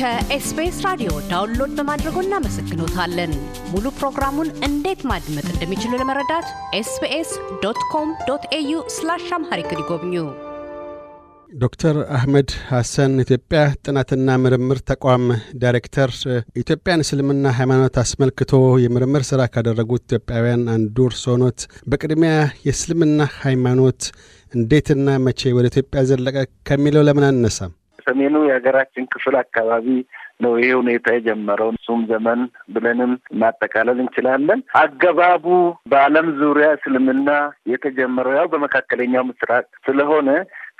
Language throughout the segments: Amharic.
ከኤስቢኤስ ራዲዮ ዳውንሎድ በማድረጎ እናመሰግኖታለን። ሙሉ ፕሮግራሙን እንዴት ማድመጥ እንደሚችሉ ለመረዳት ኤስቢኤስ ዶት ኮም ዶት ኤዩ ስላሽ አምሃሪክ ይጎብኙ። ዶክተር አህመድ ሐሰን ኢትዮጵያ ጥናትና ምርምር ተቋም ዳይሬክተር፣ ኢትዮጵያን እስልምና ሃይማኖት አስመልክቶ የምርምር ስራ ካደረጉት ኢትዮጵያውያን አንዱ እርስዎ በቅድሚያ የእስልምና ሃይማኖት እንዴትና መቼ ወደ ኢትዮጵያ ዘለቀ ከሚለው ለምን አነሳም? በሰሜኑ የሀገራችን ክፍል አካባቢ ነው ይህ ሁኔታ የጀመረው። እሱም ዘመን ብለንም ማጠቃለል እንችላለን። አገባቡ በዓለም ዙሪያ እስልምና የተጀመረው ያው በመካከለኛው ምስራቅ ስለሆነ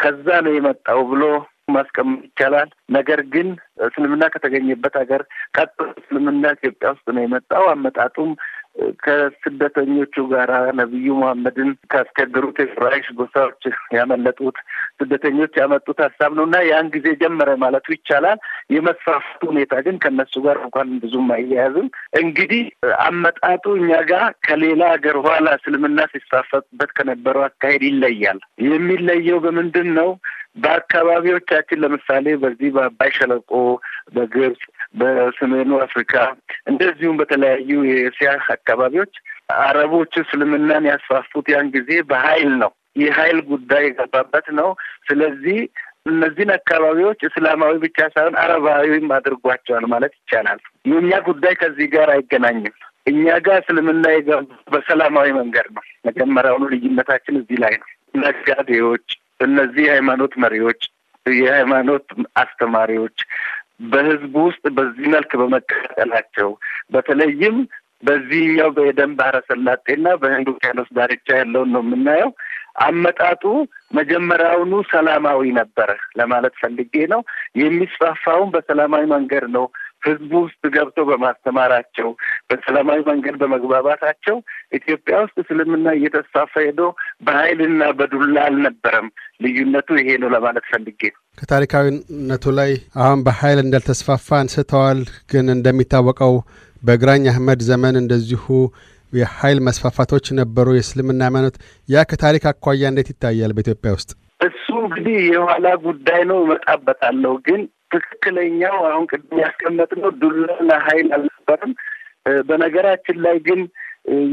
ከዛ ነው የመጣው ብሎ ማስቀመጥ ይቻላል። ነገር ግን እስልምና ከተገኘበት ሀገር ቀጥሎ እስልምና ኢትዮጵያ ውስጥ ነው የመጣው። አመጣጡም ከስደተኞቹ ጋር ነቢዩ መሐመድን ካስቸገሩት የቁራይሽ ጎሳዎች ያመለጡት ስደተኞች ያመጡት ሀሳብ ነው እና ያን ጊዜ ጀመረ ማለቱ ይቻላል። የመስፋፋቱ ሁኔታ ግን ከነሱ ጋር እንኳን ብዙም አያያዝም። እንግዲህ አመጣጡ እኛ ጋር ከሌላ ሀገር ኋላ እስልምና ሲስፋፈጥበት ከነበረው አካሄድ ይለያል። የሚለየው በምንድን ነው? በአካባቢዎቻችን ለምሳሌ በዚህ በአባይ ሸለቆ በግብፅ፣ በሰሜኑ አፍሪካ እንደዚሁም በተለያዩ የእስያ አካባቢዎች አረቦች እስልምናን ያስፋፉት ያን ጊዜ በኃይል ነው። የኃይል ጉዳይ የገባበት ነው። ስለዚህ እነዚህን አካባቢዎች እስላማዊ ብቻ ሳይሆን አረባዊም አድርጓቸዋል ማለት ይቻላል። የእኛ ጉዳይ ከዚህ ጋር አይገናኝም። እኛ ጋር እስልምና የገባ በሰላማዊ መንገድ ነው። መጀመሪያውኑ ልዩነታችን እዚህ ላይ ነው። ነጋዴዎች እነዚህ የሃይማኖት መሪዎች፣ የሃይማኖት አስተማሪዎች በህዝቡ ውስጥ በዚህ መልክ በመቀጠላቸው በተለይም በዚህኛው በደንባረ ሰላጤና በህንድ ውቅያኖስ ዳርቻ ያለውን ነው የምናየው። አመጣጡ መጀመሪያውኑ ሰላማዊ ነበረ ለማለት ፈልጌ ነው። የሚስፋፋውን በሰላማዊ መንገድ ነው ህዝቡ ውስጥ ገብተው በማስተማራቸው በሰላማዊ መንገድ በመግባባታቸው ኢትዮጵያ ውስጥ እስልምና እየተስፋፋ ሄዶ በኃይልና በዱላ አልነበረም። ልዩነቱ ይሄ ነው ለማለት ፈልጌ ነው። ከታሪካዊነቱ ላይ አሁን በኃይል እንዳልተስፋፋ አንስተዋል። ግን እንደሚታወቀው በግራኝ አህመድ ዘመን እንደዚሁ የኃይል መስፋፋቶች ነበሩ የእስልምና ሃይማኖት። ያ ከታሪክ አኳያ እንዴት ይታያል በኢትዮጵያ ውስጥ? እሱ እንግዲህ የኋላ ጉዳይ ነው፣ እመጣበታለሁ። ግን ትክክለኛው አሁን ቅድም ያስቀመጥነው ዱላና ኃይል አልነበረም። በነገራችን ላይ ግን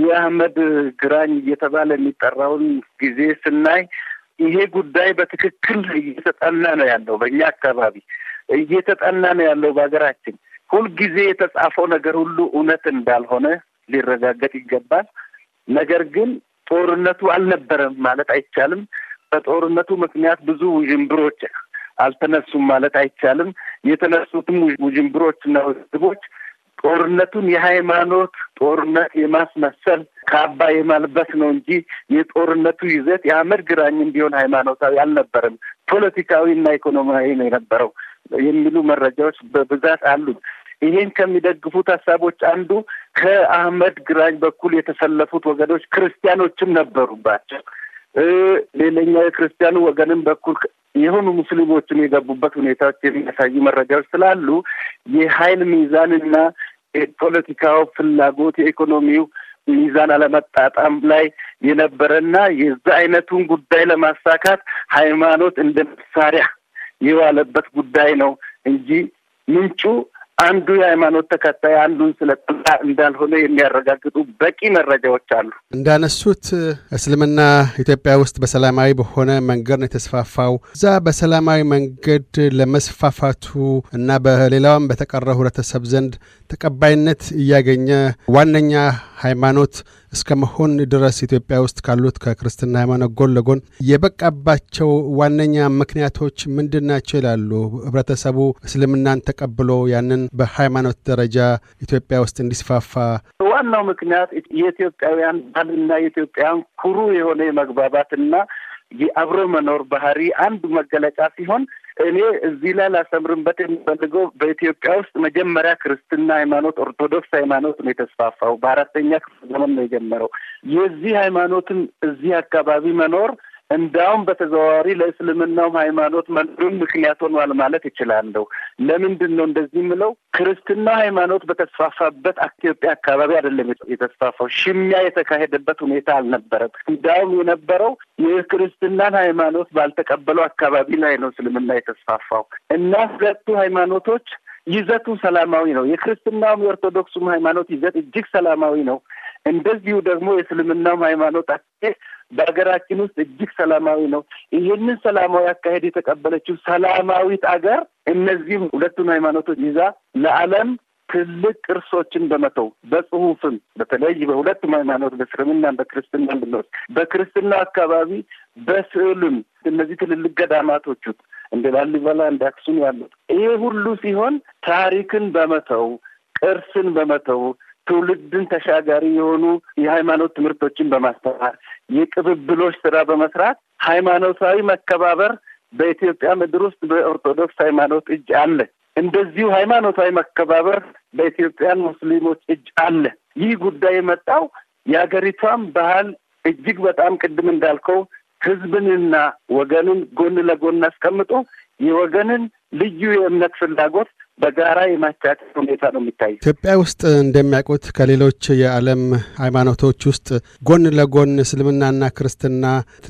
የአህመድ ግራኝ እየተባለ የሚጠራውን ጊዜ ስናይ ይሄ ጉዳይ በትክክል እየተጠና ነው ያለው፣ በእኛ አካባቢ እየተጠና ነው ያለው። በሀገራችን ሁልጊዜ የተጻፈው ነገር ሁሉ እውነት እንዳልሆነ ሊረጋገጥ ይገባል። ነገር ግን ጦርነቱ አልነበረም ማለት አይቻልም። በጦርነቱ ምክንያት ብዙ ውዥንብሮች አልተነሱም ማለት አይቻልም። የተነሱትም ውዥንብሮች እና ውዝግቦች ጦርነቱን የሃይማኖት ጦርነት የማስመሰል ካባ የማልበስ ነው እንጂ የጦርነቱ ይዘት የአመድ ግራኝ እንዲሆን ሃይማኖታዊ አልነበረም። ፖለቲካዊ እና ኢኮኖሚያዊ ነው የነበረው የሚሉ መረጃዎች በብዛት አሉ። ይሄን ከሚደግፉት ሀሳቦች አንዱ ከአህመድ ግራኝ በኩል የተሰለፉት ወገኖች ክርስቲያኖችም ነበሩባቸው። ሌላኛው የክርስቲያኑ ወገንም በኩል የሆኑ ሙስሊሞችን የገቡበት ሁኔታዎች የሚያሳዩ መረጃዎች ስላሉ የሀይል ሚዛንና የፖለቲካው ፍላጎት የኢኮኖሚው ሚዛን አለመጣጣም ላይ የነበረና የዛ አይነቱን ጉዳይ ለማሳካት ሃይማኖት እንደ መሳሪያ የዋለበት ጉዳይ ነው እንጂ ምንጩ አንዱ የሃይማኖት ተከታይ አንዱን ስለጠላ እንዳልሆነ የሚያረጋግጡ በቂ መረጃዎች አሉ። እንዳነሱት እስልምና ኢትዮጵያ ውስጥ በሰላማዊ በሆነ መንገድ ነው የተስፋፋው። እዛ በሰላማዊ መንገድ ለመስፋፋቱ እና በሌላውም በተቀረው ህብረተሰብ ዘንድ ተቀባይነት እያገኘ ዋነኛ ሃይማኖት እስከ መሆን ድረስ ኢትዮጵያ ውስጥ ካሉት ከክርስትና ሃይማኖት ጎን ለጎን የበቃባቸው ዋነኛ ምክንያቶች ምንድን ናቸው ይላሉ? ህብረተሰቡ እስልምናን ተቀብሎ ያንን በሃይማኖት ደረጃ ኢትዮጵያ ውስጥ እንዲስፋፋ ዋናው ምክንያት የኢትዮጵያውያን ባህልና የኢትዮጵያውያን ኩሩ የሆነ የመግባባትና የአብሮ መኖር ባህሪ አንዱ መገለጫ ሲሆን እኔ እዚህ ላይ ላሰምርበት የምፈልገው በኢትዮጵያ ውስጥ መጀመሪያ ክርስትና ሃይማኖት ኦርቶዶክስ ሃይማኖት ነው የተስፋፋው። በአራተኛ ክፍለ ዘመን ነው የጀመረው። የዚህ ሃይማኖትን እዚህ አካባቢ መኖር እንዳውም በተዘዋዋሪ ለእስልምናውም ሃይማኖት መኖሩን ምክንያት ሆኗል ማለት ይችላለሁ። ለምንድን ነው እንደዚህ የምለው? ክርስትና ሃይማኖት በተስፋፋበት ኢትዮጵያ አካባቢ አይደለም የተስፋፋው። ሽሚያ የተካሄደበት ሁኔታ አልነበረም። እንዳውም የነበረው የክርስትናን ሃይማኖት ባልተቀበለው አካባቢ ላይ ነው እስልምና የተስፋፋው እና ሁለቱ ሃይማኖቶች ይዘቱ ሰላማዊ ነው። የክርስትናውም የኦርቶዶክሱም ሃይማኖት ይዘት እጅግ ሰላማዊ ነው። እንደዚሁ ደግሞ የእስልምናውም ሃይማኖት በሀገራችን ውስጥ እጅግ ሰላማዊ ነው። ይህንን ሰላማዊ አካሄድ የተቀበለችው ሰላማዊት አገር እነዚህም ሁለቱን ሃይማኖቶች ይዛ ለዓለም ትልቅ ቅርሶችን በመተው በጽሁፍም በተለይ በሁለቱም ሃይማኖት በእስልምናም በክርስትናም ብንወስ በክርስትና አካባቢ በስዕሉም እነዚህ ትልልቅ ገዳማቶች ውስጥ እንደ ላሊበላ እንደ አክሱም ያሉት ይሄ ሁሉ ሲሆን ታሪክን በመተው ቅርስን በመተው ትውልድን ተሻጋሪ የሆኑ የሃይማኖት ትምህርቶችን በማስተማር የቅብብሎች ስራ በመስራት ሃይማኖታዊ መከባበር በኢትዮጵያ ምድር ውስጥ በኦርቶዶክስ ሃይማኖት እጅ አለ። እንደዚሁ ሃይማኖታዊ መከባበር በኢትዮጵያን ሙስሊሞች እጅ አለ። ይህ ጉዳይ የመጣው የሀገሪቷን ባህል እጅግ በጣም ቅድም እንዳልከው ህዝብንና ወገንን ጎን ለጎን አስቀምጦ የወገንን ልዩ የእምነት ፍላጎት በጋራ የማስተያት ሁኔታ ነው የሚታይ። ኢትዮጵያ ውስጥ እንደሚያውቁት ከሌሎች የዓለም ሃይማኖቶች ውስጥ ጎን ለጎን እስልምናና ክርስትና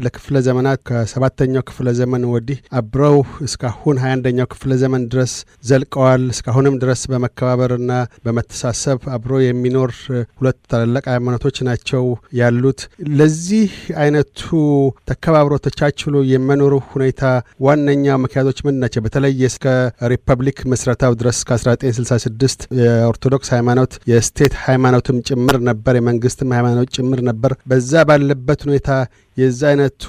ለክፍለ ዘመናት ከሰባተኛው ክፍለ ዘመን ወዲህ አብረው እስካሁን ሀያ አንደኛው ክፍለ ዘመን ድረስ ዘልቀዋል። እስካሁንም ድረስ በመከባበርና በመተሳሰብ አብሮ የሚኖር ሁለት ታላላቅ ሃይማኖቶች ናቸው ያሉት። ለዚህ አይነቱ ተከባብሮ ተቻችሎ የመኖሩ ሁኔታ ዋነኛ ምክንያቶች ምን ናቸው? በተለይ እስከ ሪፐብሊክ መስረታ እስከዛው ድረስ ከ1966 የኦርቶዶክስ ሃይማኖት የስቴት ሃይማኖትም ጭምር ነበር፣ የመንግስትም ሃይማኖት ጭምር ነበር። በዛ ባለበት ሁኔታ የዚ አይነቱ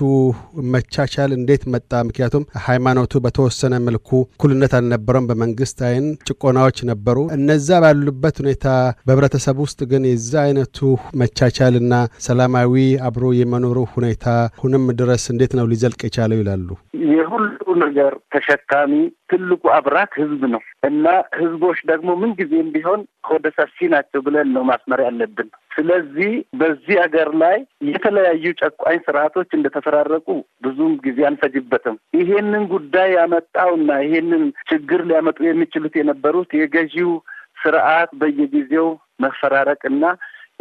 መቻቻል እንዴት መጣ? ምክንያቱም ሃይማኖቱ በተወሰነ መልኩ እኩልነት አልነበረም፣ በመንግስት አይን ጭቆናዎች ነበሩ። እነዛ ባሉበት ሁኔታ በህብረተሰብ ውስጥ ግን የዛ አይነቱ መቻቻል እና ሰላማዊ አብሮ የመኖሩ ሁኔታ ሁንም ድረስ እንዴት ነው ሊዘልቅ የቻለው ይላሉ። የሁሉ ነገር ተሸካሚ ትልቁ አብራክ ህዝብ ነው እና ህዝቦች ደግሞ ምንጊዜም ቢሆን ሆደ ሰፊ ናቸው ብለን ነው ማስመር ያለብን። ስለዚህ በዚህ ሀገር ላይ የተለያዩ ጨቋኝ ስርዓቶች እንደተፈራረቁ ብዙም ጊዜ አንፈጅበትም። ይሄንን ጉዳይ ያመጣውና ይሄንን ችግር ሊያመጡ የሚችሉት የነበሩት የገዢው ስርዓት በየጊዜው መፈራረቅ እና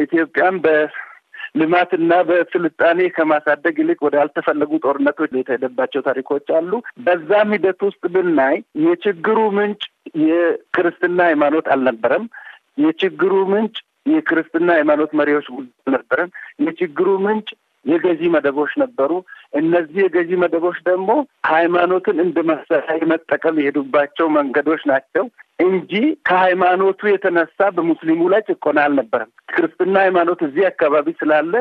ኢትዮጵያን በልማትና በስልጣኔ ከማሳደግ ይልቅ ወደ አልተፈለጉ ጦርነቶች የተሄደባቸው ታሪኮች አሉ። በዛም ሂደት ውስጥ ብናይ የችግሩ ምንጭ የክርስትና ሃይማኖት አልነበረም። የችግሩ ምንጭ የክርስትና ሃይማኖት መሪዎች ነበረን። የችግሩ ምንጭ የገዢ መደቦች ነበሩ። እነዚህ የገዢ መደቦች ደግሞ ሃይማኖትን እንደ መሳሪያ የመጠቀም የሄዱባቸው መንገዶች ናቸው እንጂ ከሃይማኖቱ የተነሳ በሙስሊሙ ላይ ጭቆና አልነበረም። ክርስትና ሃይማኖት እዚህ አካባቢ ስላለ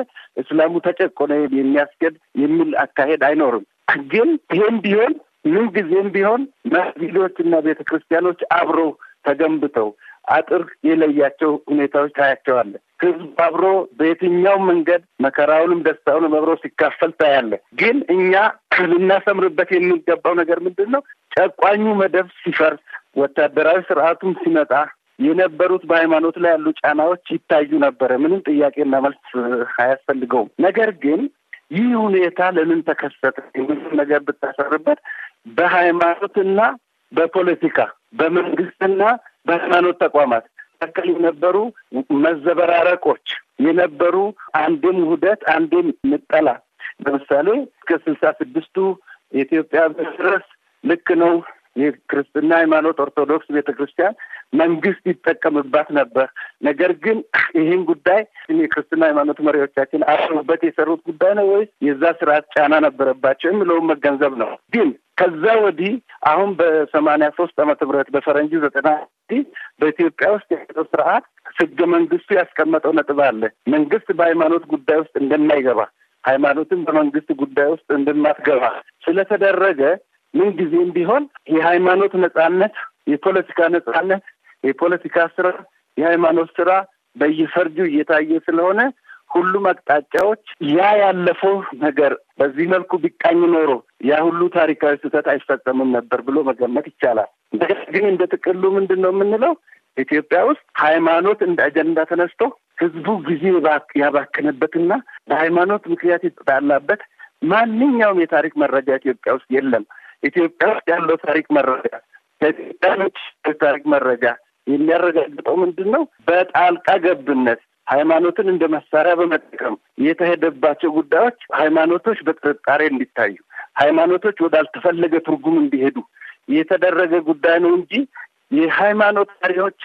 እስላሙ ተጨቆነ የሚያስገድ የሚል አካሄድ አይኖርም። ግን ይህም ቢሆን ምን ጊዜም ቢሆን መስጊዶች እና ቤተ ክርስቲያኖች አብረው ተገንብተው አጥር የለያቸው ሁኔታዎች ታያቸዋለ። ህዝብ አብሮ በየትኛው መንገድ መከራውንም ደስታውንም አብሮ ሲካፈል ታያለ። ግን እኛ ልናሰምርበት የሚገባው ነገር ምንድን ነው? ጨቋኙ መደብ ሲፈርስ፣ ወታደራዊ ስርዓቱም ሲመጣ የነበሩት በሃይማኖት ላይ ያሉ ጫናዎች ይታዩ ነበረ። ምንም ጥያቄና መልስ አያስፈልገውም። ነገር ግን ይህ ሁኔታ ለምን ተከሰተ የምንም ነገር ብታሰርበት በሃይማኖትና በፖለቲካ በመንግስትና በሃይማኖት ተቋማት መካከል የነበሩ መዘበራረቆች የነበሩ አንድም ውህደት አንድም ምጠላ ለምሳሌ ስልሳ ስድስቱ የኢትዮጵያ ድረስ ልክ ነው። የክርስትና ሃይማኖት ኦርቶዶክስ ቤተ ክርስቲያን መንግስት ይጠቀምባት ነበር። ነገር ግን ይህን ጉዳይ የክርስትና ሃይማኖት መሪዎቻችን አስሩበት የሰሩት ጉዳይ ነው ወይስ የዛ ስርዓት ጫና ነበረባቸው የሚለውን መገንዘብ ነው። ግን ከዛ ወዲህ አሁን በሰማንያ ሶስት ዓመተ ምህረት በፈረንጂ ዘጠና ስለዚህ በኢትዮጵያ ውስጥ ያለው ስርዓት ህገ መንግስቱ ያስቀመጠው ነጥብ አለ። መንግስት በሃይማኖት ጉዳይ ውስጥ እንደማይገባ፣ ሃይማኖትን በመንግስት ጉዳይ ውስጥ እንደማትገባ ስለተደረገ ምንጊዜም ቢሆን የሃይማኖት ነጻነት፣ የፖለቲካ ነጻነት፣ የፖለቲካ ስራ፣ የሃይማኖት ስራ በየፈርጁ እየታየ ስለሆነ ሁሉም አቅጣጫዎች ያ ያለፈው ነገር በዚህ መልኩ ቢቃኝ ኖሮ ያ ሁሉ ታሪካዊ ስህተት አይፈጸምም ነበር ብሎ መገመት ይቻላል። ነገር ግን እንደ ጥቅሉ ምንድን ነው የምንለው? ኢትዮጵያ ውስጥ ሃይማኖት እንደ አጀንዳ ተነስቶ ህዝቡ ጊዜ ያባከነበትና በሃይማኖት ምክንያት የተጣላበት ማንኛውም የታሪክ መረጃ ኢትዮጵያ ውስጥ የለም። ኢትዮጵያ ውስጥ ያለው ታሪክ መረጃ ከኢትዮጵያኖች ታሪክ መረጃ የሚያረጋግጠው ምንድን ነው? በጣልቃ ገብነት ሃይማኖትን እንደ መሳሪያ በመጠቀም የተሄደባቸው ጉዳዮች ሃይማኖቶች በጥርጣሬ እንዲታዩ፣ ሃይማኖቶች ወዳልተፈለገ ትርጉም እንዲሄዱ የተደረገ ጉዳይ ነው እንጂ የሃይማኖት መሪዎች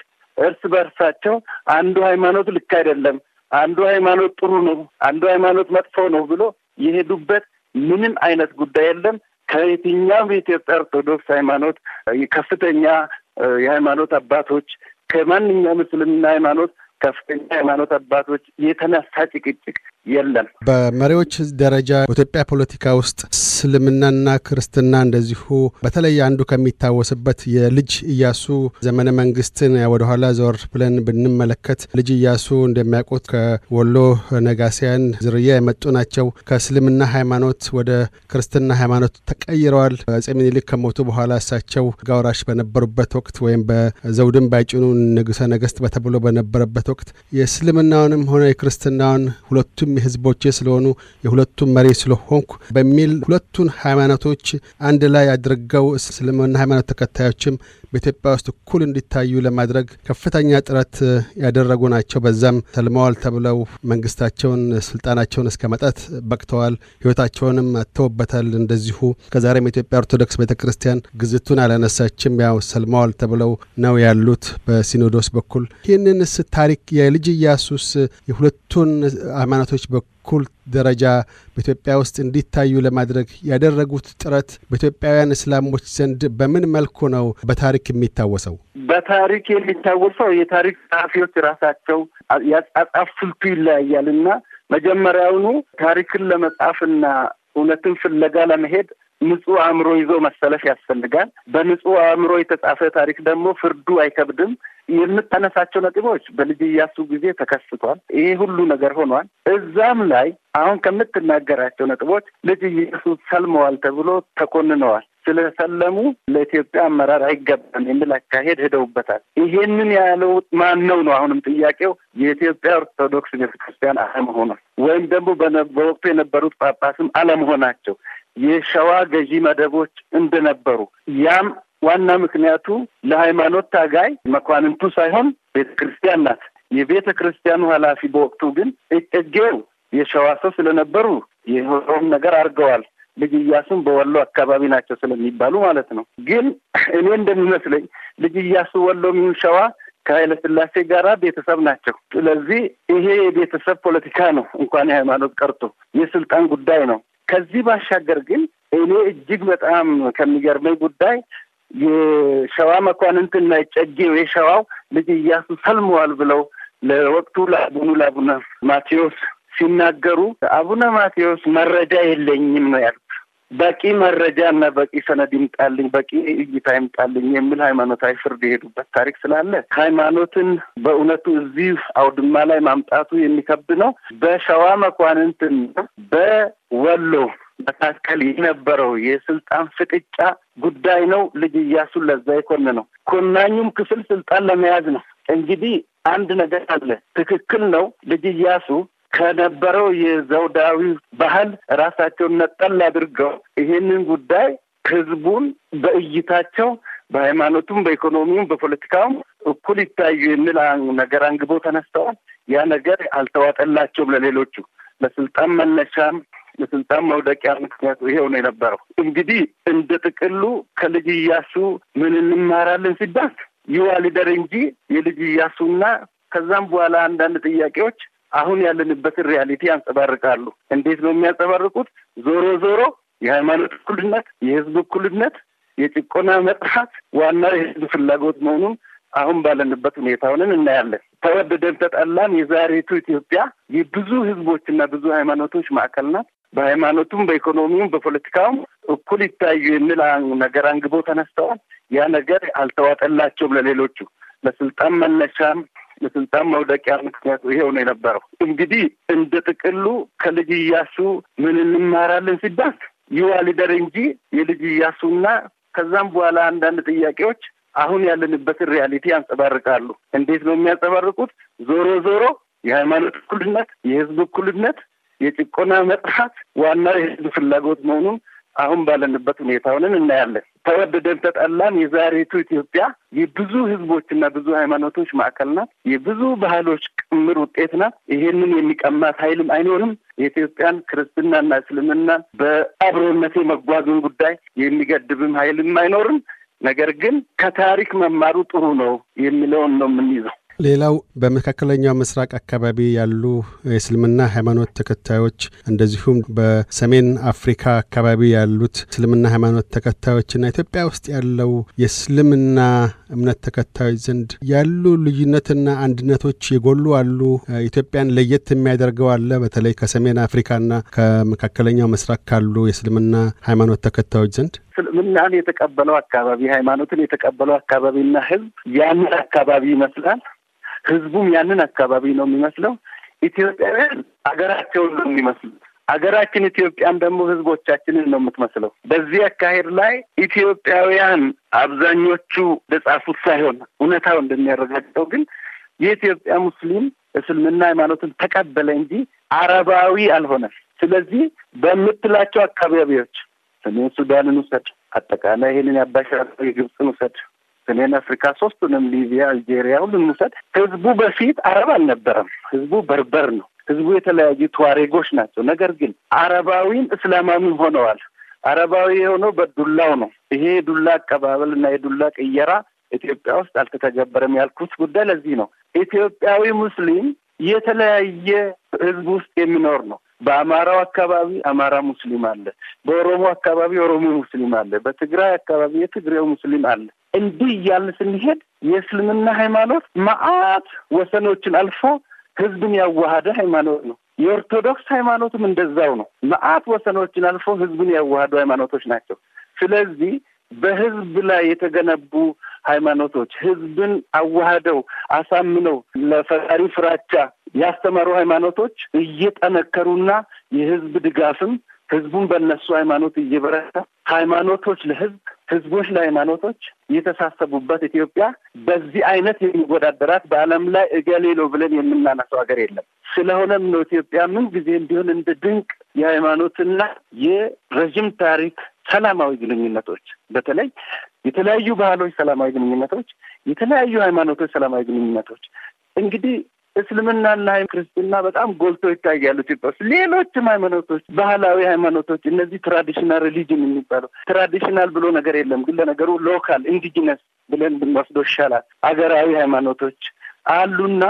እርስ በእርሳቸው አንዱ ሃይማኖት ልክ አይደለም፣ አንዱ ሃይማኖት ጥሩ ነው፣ አንዱ ሃይማኖት መጥፎ ነው ብሎ የሄዱበት ምንም አይነት ጉዳይ የለም። ከየትኛውም የኢትዮጵያ ኦርቶዶክስ ሃይማኖት ከፍተኛ የሃይማኖት አባቶች ከማንኛውም እስልምና ሃይማኖት ከፍተኛ ሃይማኖት አባቶች የተነሳ ጭቅጭቅ የለም። በመሪዎች ደረጃ በኢትዮጵያ ፖለቲካ ውስጥ እስልምናና ክርስትና እንደዚሁ በተለይ አንዱ ከሚታወስበት የልጅ እያሱ ዘመነ መንግስትን ወደኋላ ዘወር ብለን ብንመለከት ልጅ እያሱ እንደሚያውቁት ከወሎ ነጋሲያን ዝርያ የመጡ ናቸው። ከእስልምና ሃይማኖት ወደ ክርስትና ሃይማኖት ተቀይረዋል። አፄ ምኒልክ ከሞቱ በኋላ እሳቸው ጋውራሽ በነበሩበት ወቅት ወይም በዘውድን ባይጭኑ ንጉሰ ነገስት በተብሎ በነበረበት ወቅት የእስልምናውንም ሆነ የክርስትናውን ሁለቱም ህዝቦቼ ስለሆኑ የሁለቱም መሪ ስለሆንኩ በሚል ሁለቱን ሃይማኖቶች አንድ ላይ አድርገው እስልምና ሃይማኖት ተከታዮችም በኢትዮጵያ ውስጥ እኩል እንዲታዩ ለማድረግ ከፍተኛ ጥረት ያደረጉ ናቸው። በዛም ሰልመዋል ተብለው መንግስታቸውን ስልጣናቸውን እስከ መጣት በቅተዋል። ህይወታቸውንም አተውበታል እንደዚሁ ከዛሬም የኢትዮጵያ ኦርቶዶክስ ቤተ ክርስቲያን ግዝቱን አላነሳችም። ያው ሰልመዋል ተብለው ነው ያሉት በሲኖዶስ በኩል። ይህንንስ ታሪክ የልጅ ኢያሱስ የሁለቱን ሃይማኖቶች በኩል ደረጃ በኢትዮጵያ ውስጥ እንዲታዩ ለማድረግ ያደረጉት ጥረት በኢትዮጵያውያን እስላሞች ዘንድ በምን መልኩ ነው በታሪክ የሚታወሰው? በታሪክ የሚታወሰው የታሪክ ጸሐፊዎች ራሳቸው ያጻጻፍ ስልቱ ይለያያል እና መጀመሪያውኑ ታሪክን ለመጻፍና እውነትን ፍለጋ ለመሄድ ንጹህ አእምሮ ይዞ መሰለፍ ያስፈልጋል። በንጹህ አእምሮ የተጻፈ ታሪክ ደግሞ ፍርዱ አይከብድም። የምታነሳቸው ነጥቦች በልጅ እያሱ ጊዜ ተከስቷል። ይሄ ሁሉ ነገር ሆኗል። እዛም ላይ አሁን ከምትናገራቸው ነጥቦች ልጅ እያሱ ሰልመዋል ተብሎ ተኮንነዋል። ስለሰለሙ ለኢትዮጵያ አመራር አይገባም የሚል አካሄድ ሄደውበታል። ይሄንን ያለው ማን ነው ነው አሁንም ጥያቄው የኢትዮጵያ ኦርቶዶክስ ቤተክርስቲያን አለመሆኑ ወይም ደግሞ በወቅቱ የነበሩት ጳጳስም አለመሆናቸው የሸዋ ገዢ መደቦች እንደነበሩ ያም ዋና ምክንያቱ ለሃይማኖት ታጋይ መኳንንቱ ሳይሆን ቤተ ክርስቲያን ናት። የቤተ ክርስቲያኑ ኃላፊ በወቅቱ ግን እጨጌው የሸዋ ሰው ስለነበሩ የሆነውን ነገር አድርገዋል። ልጅ እያሱም በወሎ አካባቢ ናቸው ስለሚባሉ ማለት ነው። ግን እኔ እንደሚመስለኝ ልጅ እያሱ ወሎ የሚሆን ሸዋ ከኃይለ ስላሴ ጋራ ቤተሰብ ናቸው። ስለዚህ ይሄ የቤተሰብ ፖለቲካ ነው፣ እንኳን የሃይማኖት ቀርቶ የስልጣን ጉዳይ ነው። ከዚህ ባሻገር ግን እኔ እጅግ በጣም ከሚገርመኝ ጉዳይ የሸዋ መኳንንትና ጨጌው የሸዋው ልጅ እያሱ ሰልመዋል ብለው ለወቅቱ ለአቡኑ ለአቡነ ማቴዎስ ሲናገሩ አቡነ ማቴዎስ መረጃ የለኝም ነው ያሉ። በቂ መረጃ እና በቂ ሰነድ ይምጣልኝ፣ በቂ እይታ ይምጣልኝ የሚል ሃይማኖታዊ ፍርድ የሄዱበት ታሪክ ስላለ ሃይማኖትን በእውነቱ እዚህ አውድማ ላይ ማምጣቱ የሚከብድ ነው። በሸዋ መኳንንትን በወሎ መካከል የነበረው የስልጣን ፍጥጫ ጉዳይ ነው። ልጅ እያሱን ለዛ የኮን ነው። ኮናኙም ክፍል ስልጣን ለመያዝ ነው። እንግዲህ አንድ ነገር አለ። ትክክል ነው። ልጅ እያሱ ከነበረው የዘውዳዊ ባህል ራሳቸውን ነጠል አድርገው ይሄንን ጉዳይ ህዝቡን በእይታቸው በሃይማኖቱም፣ በኢኮኖሚውም፣ በፖለቲካውም እኩል ይታዩ የሚል ነገር አንግቦ ተነስተዋል። ያ ነገር አልተዋጠላቸውም። ለሌሎቹ ለስልጣን መነሻም ለስልጣን መውደቂያ ምክንያቱ ይሄው ነው የነበረው። እንግዲህ እንደ ጥቅሉ ከልጅ እያሱ ምን እንማራለን ሲባል ይዋ ሊደር እንጂ የልጅ እያሱና ከዛም በኋላ አንዳንድ ጥያቄዎች አሁን ያለንበትን ሪያሊቲ ያንጸባርቃሉ። እንዴት ነው የሚያንጸባርቁት? ዞሮ ዞሮ የሃይማኖት እኩልነት፣ የህዝብ እኩልነት፣ የጭቆና መጥፋት ዋና የህዝብ ፍላጎት መሆኑን አሁን ባለንበት ሁኔታ ሆነን እናያለን። ተወደደን ተጠላን፣ የዛሬቱ ኢትዮጵያ የብዙ ህዝቦችና ብዙ ሃይማኖቶች ማዕከል ናት። በሃይማኖቱም በኢኮኖሚውም በፖለቲካውም እኩል ይታዩ የሚል ነገር አንግቦ ተነስተዋል። ያ ነገር አልተዋጠላቸውም። ለሌሎቹ ለስልጣን መነሻም የስልጣን መውደቂያ ምክንያቱ ይሄው ነው የነበረው። እንግዲህ እንደ ጥቅሉ ከልጅ እያሱ ምን እንማራለን ሲባል ይዋልደር እንጂ የልጅ እያሱና ከዛም በኋላ አንዳንድ ጥያቄዎች አሁን ያለንበትን ሪያሊቲ ያንጸባርቃሉ። እንዴት ነው የሚያንጸባርቁት? ዞሮ ዞሮ የሃይማኖት እኩልነት፣ የህዝብ እኩልነት፣ የጭቆና መጥፋት ዋና የህዝብ ፍላጎት መሆኑን አሁን ባለንበት ሆነን እናያለን። ተወደደን ተጠላን፣ የዛሬቱ ኢትዮጵያ የብዙ ህዝቦችና ብዙ ሃይማኖቶች ማዕከል ናት። የብዙ ባህሎች ቅምር ውጤት ናት። ይሄንን የሚቀማት ኃይልም አይኖርም። የኢትዮጵያን ክርስትናና እስልምና በአብሮነት የመጓዙን ጉዳይ የሚገድብም ኃይልም አይኖርም። ነገር ግን ከታሪክ መማሩ ጥሩ ነው የሚለውን ነው የምንይዘው። ሌላው በመካከለኛው ምስራቅ አካባቢ ያሉ የእስልምና ሃይማኖት ተከታዮች እንደዚሁም በሰሜን አፍሪካ አካባቢ ያሉት እስልምና ሃይማኖት ተከታዮችና ኢትዮጵያ ውስጥ ያለው የእስልምና እምነት ተከታዮች ዘንድ ያሉ ልዩነትና አንድነቶች የጎሉ አሉ። ኢትዮጵያን ለየት የሚያደርገው አለ። በተለይ ከሰሜን አፍሪካና ከመካከለኛው ምስራቅ ካሉ የእስልምና ሃይማኖት ተከታዮች ዘንድ እስልምናን የተቀበለው አካባቢ ሃይማኖትን የተቀበለው አካባቢና ህዝብ ያንን አካባቢ ይመስላል። ህዝቡም ያንን አካባቢ ነው የሚመስለው። ኢትዮጵያውያን ሀገራቸውን ነው የሚመስሉት። ሀገራችን ኢትዮጵያን ደግሞ ህዝቦቻችንን ነው የምትመስለው። በዚህ አካሄድ ላይ ኢትዮጵያውያን አብዛኞቹ ደጻፉት ሳይሆን እውነታው እንደሚያረጋግጠው ግን የኢትዮጵያ ሙስሊም እስልምና ሃይማኖትን ተቀበለ እንጂ አረባዊ አልሆነ ስለዚህ በምትላቸው አካባቢዎች ሰሜን ሱዳንን ውሰድ፣ አጠቃላይ ይህንን ያባሻ የግብፅን ውሰድ፣ ሰሜን አፍሪካ ሶስቱንም፣ ሊቢያ፣ አልጄሪያ ሁሉን ውሰድ። ህዝቡ በፊት አረብ አልነበረም። ህዝቡ በርበር ነው። ህዝቡ የተለያዩ ተዋሬጎች ናቸው። ነገር ግን አረባዊም እስላማዊ ሆነዋል። አረባዊ የሆነው በዱላው ነው። ይሄ የዱላ አቀባበል እና የዱላ ቅየራ ኢትዮጵያ ውስጥ አልተተገበረም ያልኩት ጉዳይ ለዚህ ነው። ኢትዮጵያዊ ሙስሊም የተለያየ ህዝብ ውስጥ የሚኖር ነው። በአማራው አካባቢ አማራ ሙስሊም አለ። በኦሮሞ አካባቢ ኦሮሞ ሙስሊም አለ። በትግራይ አካባቢ የትግሬው ሙስሊም አለ። እንዲህ እያልን ስንሄድ የእስልምና ሃይማኖት ማአት ወሰኖችን አልፎ ህዝብን ያዋሃደ ሃይማኖት ነው። የኦርቶዶክስ ሃይማኖትም እንደዛው ነው። ማአት ወሰኖችን አልፎ ህዝብን ያዋሃዱ ሃይማኖቶች ናቸው። ስለዚህ በህዝብ ላይ የተገነቡ ሃይማኖቶች ህዝብን አዋህደው አሳምነው ለፈጣሪ ፍራቻ ያስተማሩ ሃይማኖቶች እየጠነከሩና የህዝብ ድጋፍም ህዝቡን በእነሱ ሃይማኖት እየበረታ ሃይማኖቶች ለህዝብ ህዝቦች ሃይማኖቶች የተሳሰቡበት ኢትዮጵያ በዚህ አይነት የሚወዳደራት በዓለም ላይ እገሌ ነው ብለን የምናነሳው ሀገር የለም። ስለሆነም ነው ኢትዮጵያ ምን ጊዜም ቢሆን እንደ ድንቅ የሃይማኖትና የረዥም ታሪክ ሰላማዊ ግንኙነቶች በተለይ የተለያዩ ባህሎች ሰላማዊ ግንኙነቶች፣ የተለያዩ ሃይማኖቶች ሰላማዊ ግንኙነቶች እንግዲህ እስልምናና ክርስትና በጣም ጎልቶ ይታያሉ ኢትዮጵያ ውስጥ። ሌሎችም ሃይማኖቶች፣ ባህላዊ ሃይማኖቶች እነዚህ ትራዲሽናል ሪሊጅን የሚባለው ትራዲሽናል ብሎ ነገር የለም ግን ለነገሩ ሎካል ኢንዲጂነስ ብለን ብንወስዶ ይሻላል። አገራዊ ሃይማኖቶች አሉና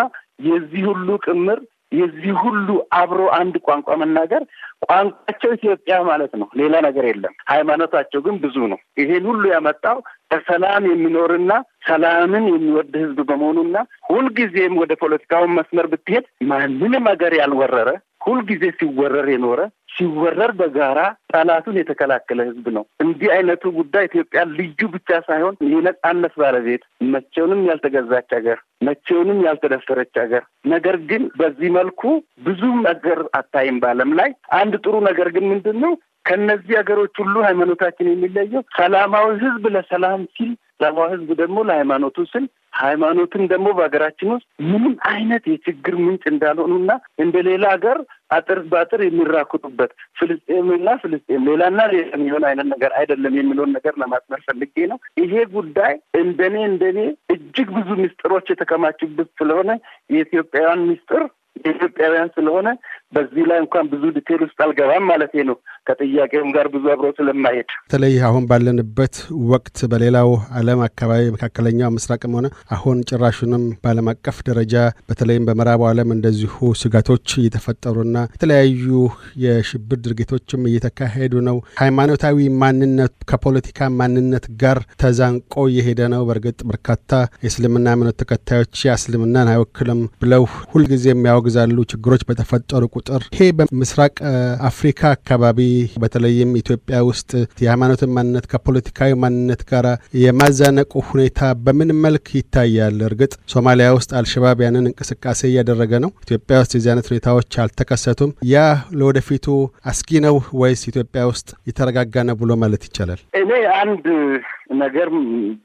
የዚህ ሁሉ ቅምር የዚህ ሁሉ አብሮ አንድ ቋንቋ መናገር ቋንቋቸው ኢትዮጵያ ማለት ነው። ሌላ ነገር የለም። ሃይማኖታቸው ግን ብዙ ነው። ይሄን ሁሉ ያመጣው በሰላም የሚኖርና ሰላምን የሚወድ ህዝብ በመሆኑና ሁልጊዜም ወደ ፖለቲካውን መስመር ብትሄድ ማንንም ሀገር ያልወረረ ሁልጊዜ ሲወረር የኖረ ሲወረር በጋራ ጠላቱን የተከላከለ ህዝብ ነው። እንዲህ አይነቱ ጉዳይ ኢትዮጵያ ልዩ ብቻ ሳይሆን የነጻነት ባለቤት መቼውንም ያልተገዛች ሀገር፣ መቼውንም ያልተደፈረች ሀገር። ነገር ግን በዚህ መልኩ ብዙ ነገር አታይም በዓለም ላይ። አንድ ጥሩ ነገር ግን ምንድን ነው? ከእነዚህ ሀገሮች ሁሉ ሃይማኖታችን የሚለየው ሰላማዊ ህዝብ ለሰላም ሲል፣ ሰላማዊ ህዝብ ደግሞ ለሃይማኖቱ ስል ሃይማኖትን ደግሞ በሀገራችን ውስጥ ምንም አይነት የችግር ምንጭ እንዳልሆኑና እንደ ሌላ ሀገር አጥር በአጥር የሚራኩጡበት ፍልስጤምና ፍልስጤም ሌላና ሌላ የሚሆን አይነት ነገር አይደለም የሚለውን ነገር ለማጥመር ፈልጌ ነው። ይሄ ጉዳይ እንደኔ እንደኔ እጅግ ብዙ ምስጢሮች የተከማቹበት ስለሆነ የኢትዮጵያውያን ምስጢር የኢትዮጵያውያን ስለሆነ በዚህ ላይ እንኳን ብዙ ዲቴል ውስጥ አልገባም ማለት ነው። ከጥያቄውም ጋር ብዙ አብሮ ስለማሄድ በተለይ አሁን ባለንበት ወቅት በሌላው ዓለም አካባቢ መካከለኛው ምስራቅም ሆነ አሁን ጭራሹንም በዓለም አቀፍ ደረጃ በተለይም በምዕራቡ ዓለም እንደዚሁ ስጋቶች እየተፈጠሩና የተለያዩ የሽብር ድርጊቶችም እየተካሄዱ ነው። ሃይማኖታዊ ማንነት ከፖለቲካ ማንነት ጋር ተዛንቆ እየሄደ ነው። በእርግጥ በርካታ የእስልምና እምነት ተከታዮች እስልምናን አይወክልም ብለው ሁልጊዜ የሚያወግዛሉ ችግሮች በተፈጠሩ ቁጥር ይሄ በምስራቅ አፍሪካ አካባቢ በተለይም ኢትዮጵያ ውስጥ የሃይማኖትን ማንነት ከፖለቲካዊ ማንነት ጋር የማዛነቁ ሁኔታ በምን መልክ ይታያል? እርግጥ ሶማሊያ ውስጥ አልሸባብ ያንን እንቅስቃሴ እያደረገ ነው። ኢትዮጵያ ውስጥ የዚህ አይነት ሁኔታዎች አልተከሰቱም። ያ ለወደፊቱ አስጊ ነው ወይስ ኢትዮጵያ ውስጥ የተረጋጋ ነው ብሎ ማለት ይቻላል? እኔ አንድ ነገር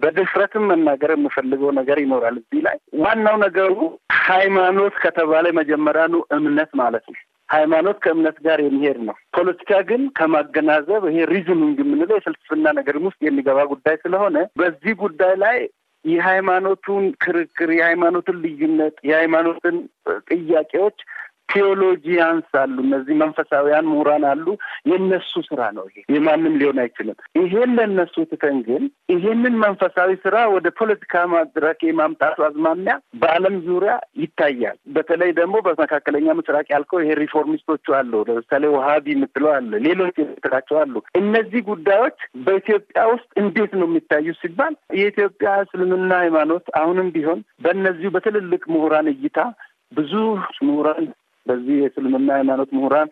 በድፍረትም መናገር የምፈልገው ነገር ይኖራል እዚህ ላይ ዋናው ነገሩ ሃይማኖት ከተባለ መጀመሪያኑ እምነት ማለት ነው። ሃይማኖት ከእምነት ጋር የሚሄድ ነው። ፖለቲካ ግን ከማገናዘብ ይሄ ሪዝኒንግ የምንለው የፍልስፍና ነገርም ውስጥ የሚገባ ጉዳይ ስለሆነ በዚህ ጉዳይ ላይ የሃይማኖቱን ክርክር፣ የሃይማኖትን ልዩነት፣ የሃይማኖትን ጥያቄዎች ቴዎሎጂያንስ አሉ፣ እነዚህ መንፈሳዊያን ምሁራን አሉ። የነሱ ስራ ነው ይሄ፣ የማንም ሊሆን አይችልም። ይሄን ለነሱ ትተን ግን ይሄንን መንፈሳዊ ስራ ወደ ፖለቲካ ማድረቅ የማምጣቱ አዝማሚያ በዓለም ዙሪያ ይታያል። በተለይ ደግሞ በመካከለኛ ምስራቅ ያልከው ይሄ ሪፎርሚስቶቹ አሉ፣ ለምሳሌ ውሃቢ የምትለው አለ፣ ሌሎች የምትላቸው አሉ። እነዚህ ጉዳዮች በኢትዮጵያ ውስጥ እንዴት ነው የሚታዩ ሲባል የኢትዮጵያ እስልምና ሃይማኖት አሁንም ቢሆን በእነዚሁ በትልልቅ ምሁራን እይታ ብዙ ምሁራን በዚህ የእስልምና ሃይማኖት ምሁራን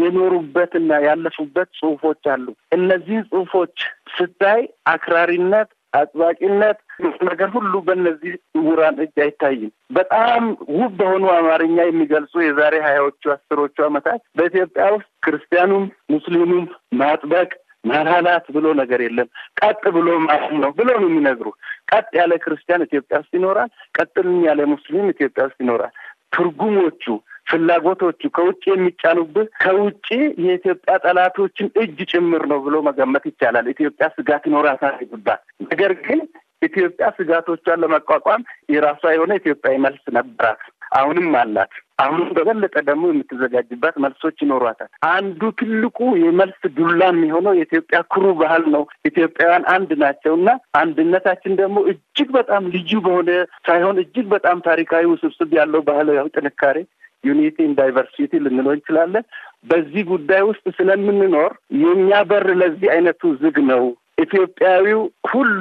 የኖሩበትና ያለፉበት ጽሁፎች አሉ። እነዚህ ጽሁፎች ስታይ አክራሪነት፣ አጽባቂነት ነገር ሁሉ በእነዚህ ምሁራን እጅ አይታይም። በጣም ውብ በሆኑ አማርኛ የሚገልጹ የዛሬ ሀያዎቹ አስሮቹ ዓመታት በኢትዮጵያ ውስጥ ክርስቲያኑም ሙስሊሙም ማጥበቅ ማላላት ብሎ ነገር የለም። ቀጥ ብሎ ማለት ነው ብሎ ነው የሚነግሩ። ቀጥ ያለ ክርስቲያን ኢትዮጵያ ውስጥ ይኖራል። ቀጥልም ያለ ሙስሊም ኢትዮጵያ ውስጥ ይኖራል። ትርጉሞቹ ፍላጎቶቹ ከውጭ የሚጫኑብህ ከውጭ የኢትዮጵያ ጠላቶችን እጅ ጭምር ነው ብሎ መገመት ይቻላል። ኢትዮጵያ ስጋት ይኖራታል ነገር ግን ኢትዮጵያ ስጋቶቿን ለመቋቋም የራሷ የሆነ ኢትዮጵያዊ መልስ ነበራት፣ አሁንም አላት። አሁንም በበለጠ ደግሞ የምትዘጋጅባት መልሶች ይኖሯታል። አንዱ ትልቁ የመልስ ዱላ የሚሆነው የኢትዮጵያ ኩሩ ባህል ነው። ኢትዮጵያውያን አንድ ናቸው እና አንድነታችን ደግሞ እጅግ በጣም ልዩ በሆነ ሳይሆን እጅግ በጣም ታሪካዊ ውስብስብ ያለው ባህላዊ ጥንካሬ ዩኒቲ ኢን ዳይቨርሲቲ ልንለው እንችላለን። በዚህ ጉዳይ ውስጥ ስለምንኖር የእኛ በር ለዚህ አይነቱ ዝግ ነው። ኢትዮጵያዊው ሁሉ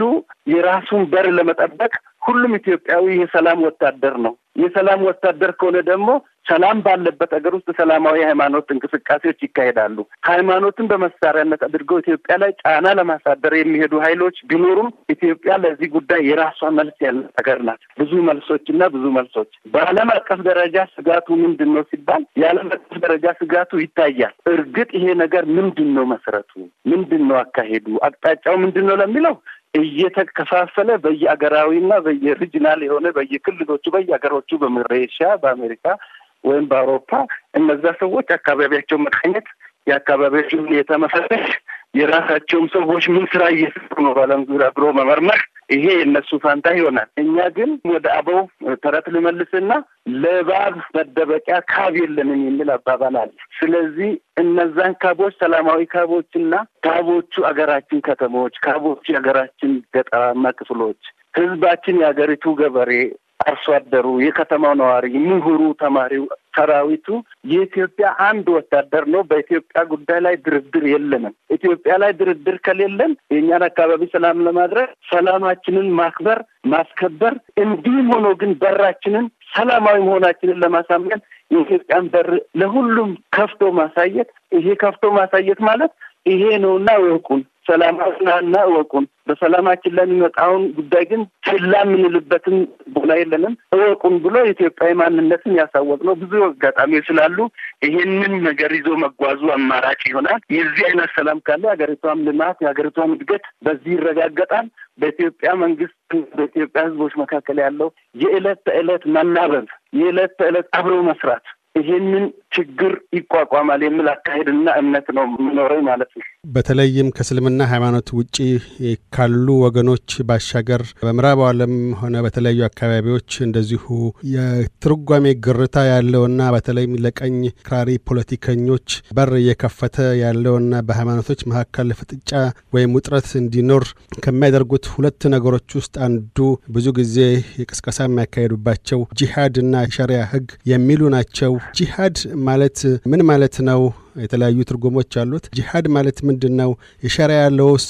የራሱን በር ለመጠበቅ ሁሉም ኢትዮጵያዊ የሰላም ወታደር ነው። የሰላም ወታደር ከሆነ ደግሞ ሰላም ባለበት ሀገር ውስጥ ሰላማዊ ሃይማኖት እንቅስቃሴዎች ይካሄዳሉ። ሃይማኖትን በመሳሪያነት አድርገው ኢትዮጵያ ላይ ጫና ለማሳደር የሚሄዱ ኃይሎች ቢኖሩም ኢትዮጵያ ለዚህ ጉዳይ የራሷ መልስ ያለ ሀገር ናት። ብዙ መልሶች እና ብዙ መልሶች። በዓለም አቀፍ ደረጃ ስጋቱ ምንድን ነው ሲባል የዓለም አቀፍ ደረጃ ስጋቱ ይታያል። እርግጥ ይሄ ነገር ምንድን ነው መሰረቱ፣ ምንድን ነው አካሄዱ፣ አቅጣጫው ምንድን ነው ለሚለው እየተከፋፈለ በየአገራዊ በየአገራዊና በየሪጅናል የሆነ በየክልሎቹ በየአገሮቹ በመሬሻ በአሜሪካ ወይም በአውሮፓ እነዛ ሰዎች አካባቢያቸው መቃኘት የአካባቢያቸው ሁኔታ መፈተሽ የራሳቸውም ሰዎች ምን ስራ እየሰሩ ነው ባለም ዙሪያ ብሎ መመርመር ይሄ የእነሱ ፋንታ ይሆናል። እኛ ግን ወደ አበው ተረት ልመልስና ለባብ መደበቂያ ካብ የለንም የሚል አባባል አለ። ስለዚህ እነዛን ካቦች ሰላማዊ ካቦችና ካቦቹ አገራችን ከተሞች፣ ካቦቹ የሀገራችን ገጠራማ ክፍሎች ህዝባችን የሀገሪቱ ገበሬ አርሶ አደሩ፣ የከተማው ነዋሪ፣ ምሁሩ፣ ተማሪው፣ ሰራዊቱ የኢትዮጵያ አንድ ወታደር ነው። በኢትዮጵያ ጉዳይ ላይ ድርድር የለንም። ኢትዮጵያ ላይ ድርድር ከሌለን የእኛን አካባቢ ሰላም ለማድረግ ሰላማችንን ማክበር ማስከበር፣ እንዲሁም ሆኖ ግን በራችንን ሰላማዊ መሆናችንን ለማሳመን የኢትዮጵያን በር ለሁሉም ከፍቶ ማሳየት፣ ይሄ ከፍቶ ማሳየት ማለት ይሄ ነውና ወቁን ሰላማዊና እወቁን። በሰላማችን ለሚመጣውን ጉዳይ ግን ችላ የምንልበትም ቦታ የለንም። እወቁን ብሎ ኢትዮጵያዊ ማንነትን ያሳወቅ ነው ብዙ አጋጣሚዎች ስላሉ ይሄንን ነገር ይዞ መጓዙ አማራጭ ይሆናል። የዚህ አይነት ሰላም ካለ የሀገሪቷም ልማት የሀገሪቷም እድገት በዚህ ይረጋገጣል። በኢትዮጵያ መንግስት፣ በኢትዮጵያ ህዝቦች መካከል ያለው የዕለት ተዕለት መናበብ፣ የዕለት ተዕለት አብሮ መስራት ይህንን ችግር ይቋቋማል የሚል አካሄድና እምነት ነው የምኖረኝ ማለት ነው። በተለይም ከእስልምና ሃይማኖት ውጪ ካሉ ወገኖች ባሻገር በምዕራብ ዓለም ሆነ በተለያዩ አካባቢዎች እንደዚሁ የትርጓሜ ግርታ ያለውና በተለይም ለቀኝ ክራሪ ፖለቲከኞች በር እየከፈተ ያለውና በሃይማኖቶች መካከል ፍጥጫ ወይም ውጥረት እንዲኖር ከሚያደርጉት ሁለት ነገሮች ውስጥ አንዱ ብዙ ጊዜ ቅስቀሳ የሚያካሄዱባቸው ጂሃድና ሸሪያ ህግ የሚሉ ናቸው። ጂሃድ ማለት ምን ማለት ነው? የተለያዩ ትርጉሞች አሉት። ጂሃድ ማለት ምንድን ነው? የሸሪያ ያለውስ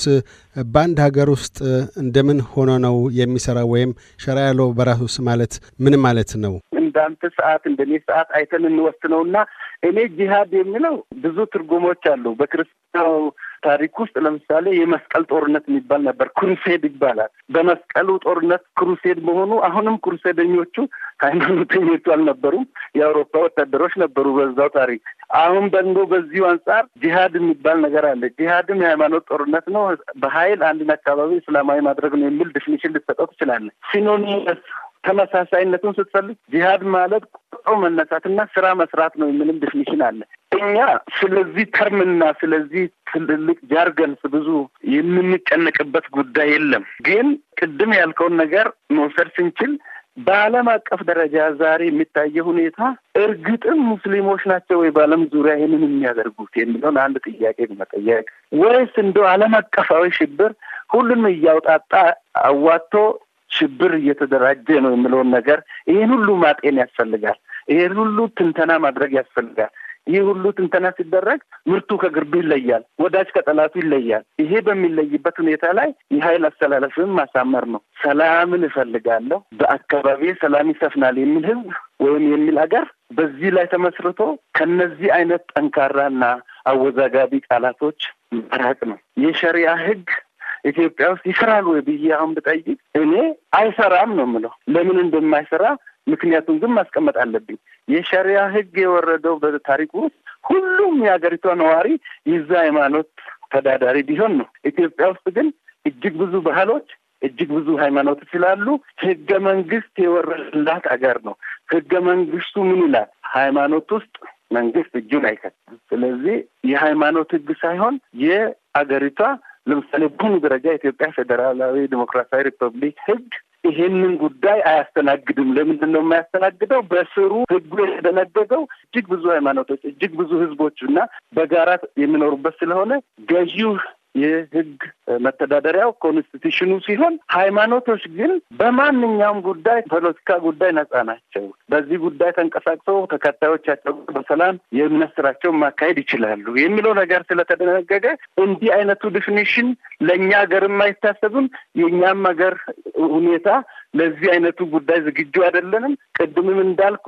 በአንድ ሀገር ውስጥ እንደምን ሆኖ ነው የሚሰራ? ወይም ሸሪያ ያለው በራሱስ ማለት ምን ማለት ነው? እንዳንተ ሰዓት እንደኔ ሰዓት አይተን እና እኔ ጂሃድ የሚለው ብዙ ትርጉሞች አሉ። በክርስትናው ታሪክ ውስጥ ለምሳሌ የመስቀል ጦርነት የሚባል ነበር፣ ክሩሴድ ይባላል። በመስቀሉ ጦርነት ክሩሴድ መሆኑ አሁንም ክሩሴደኞቹ ሃይማኖተኞቹ አልነበሩም፣ የአውሮፓ ወታደሮች ነበሩ በዛው ታሪክ። አሁን በንዶ በዚሁ አንጻር ጂሃድ የሚባል ነገር አለ። ጂሃድም የሃይማኖት ጦርነት ነው፣ በኃይል አንድን አካባቢ እስላማዊ ማድረግ ነው የሚል ዲፊኒሽን ልትሰጠው ትችላለህ ሲኖኒ ተመሳሳይነቱን ስትፈልግ ጂሃድ ማለት ቁጥሩ መነሳትና ስራ መስራት ነው የምልም ዲፊኒሽን አለ። እኛ ስለዚህ ተርምና ስለዚህ ትልልቅ ጃርገንስ ብዙ የምንጨነቅበት ጉዳይ የለም። ግን ቅድም ያልከውን ነገር መውሰድ ስንችል በዓለም አቀፍ ደረጃ ዛሬ የሚታየው ሁኔታ እርግጥም ሙስሊሞች ናቸው ወይ በዓለም ዙሪያ ይህንን የሚያደርጉት የሚለውን አንድ ጥያቄ መጠየቅ፣ ወይስ እንደው ዓለም አቀፋዊ ሽብር ሁሉንም እያውጣጣ አዋጥቶ ሽብር እየተደራጀ ነው የምለውን ነገር ይህን ሁሉ ማጤን ያስፈልጋል። ይህን ሁሉ ትንተና ማድረግ ያስፈልጋል። ይህ ሁሉ ትንተና ሲደረግ ምርቱ ከግርቡ ይለያል፣ ወዳጅ ከጠላቱ ይለያል። ይሄ በሚለይበት ሁኔታ ላይ የኃይል አስተላለፍን ማሳመር ነው። ሰላምን እፈልጋለሁ፣ በአካባቢ ሰላም ይሰፍናል የሚል ህዝብ ወይም የሚል ሀገር በዚህ ላይ ተመስርቶ ከነዚህ አይነት ጠንካራና አወዛጋቢ ቃላቶች መራቅ ነው። የሸሪያ ህግ ኢትዮጵያ ውስጥ ይሰራል ወይ ብዬ አሁን ብጠይቅ እኔ አይሰራም ነው የምለው። ለምን እንደማይሰራ ምክንያቱን ግን ማስቀመጥ አለብኝ። የሸሪያ ህግ የወረደው በታሪክ ውስጥ ሁሉም የሀገሪቷ ነዋሪ ይዛ ሃይማኖት ተዳዳሪ ቢሆን ነው። ኢትዮጵያ ውስጥ ግን እጅግ ብዙ ባህሎች እጅግ ብዙ ሃይማኖት ስላሉ ህገ መንግስት የወረደላት አገር ነው። ህገ መንግስቱ ምን ይላል? ሃይማኖት ውስጥ መንግስት እጁን አይከትም። ስለዚህ የሃይማኖት ህግ ሳይሆን የአገሪቷ ለምሳሌ በአሁኑ ደረጃ የኢትዮጵያ ፌዴራላዊ ዲሞክራሲያዊ ሪፐብሊክ ህግ ይሄንን ጉዳይ አያስተናግድም። ለምንድን ነው የማያስተናግደው? በስሩ ህጉ የተደነገገው እጅግ ብዙ ሃይማኖቶች፣ እጅግ ብዙ ህዝቦች እና በጋራ የሚኖሩበት ስለሆነ ገዢው የህግ መተዳደሪያው ኮንስቲቱሽኑ ሲሆን ሃይማኖቶች ግን በማንኛውም ጉዳይ ፖለቲካ ጉዳይ ነጻ ናቸው። በዚህ ጉዳይ ተንቀሳቅሰው ተከታዮቻቸው በሰላም የእምነት ስራቸውን ማካሄድ ይችላሉ የሚለው ነገር ስለተደነገገ እንዲህ አይነቱ ዲፊኒሽን ለእኛ ሀገርም አይታሰብም። የእኛም ሀገር ሁኔታ ለዚህ አይነቱ ጉዳይ ዝግጁ አይደለንም። ቅድምም እንዳልኩ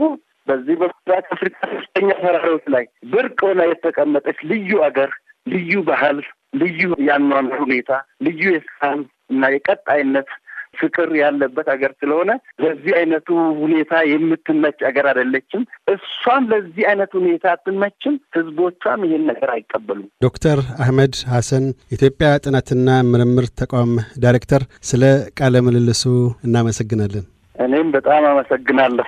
በዚህ በምስራቅ አፍሪካ ሶስተኛ ተራሮች ላይ ብርቅ ሆና የተቀመጠች ልዩ ሀገር ልዩ ባህል ልዩ ያኗኗር ሁኔታ፣ ልዩ የሰላም እና የቀጣይነት ፍቅር ያለበት ሀገር ስለሆነ ለዚህ አይነቱ ሁኔታ የምትመች ሀገር አይደለችም። እሷም ለዚህ አይነት ሁኔታ አትመችም። ህዝቦቿም ይህን ነገር አይቀበሉም። ዶክተር አህመድ ሐሰን ኢትዮጵያ ጥናትና ምርምር ተቋም ዳይሬክተር፣ ስለ ቃለ ምልልሱ እናመሰግናለን። እኔም በጣም አመሰግናለሁ።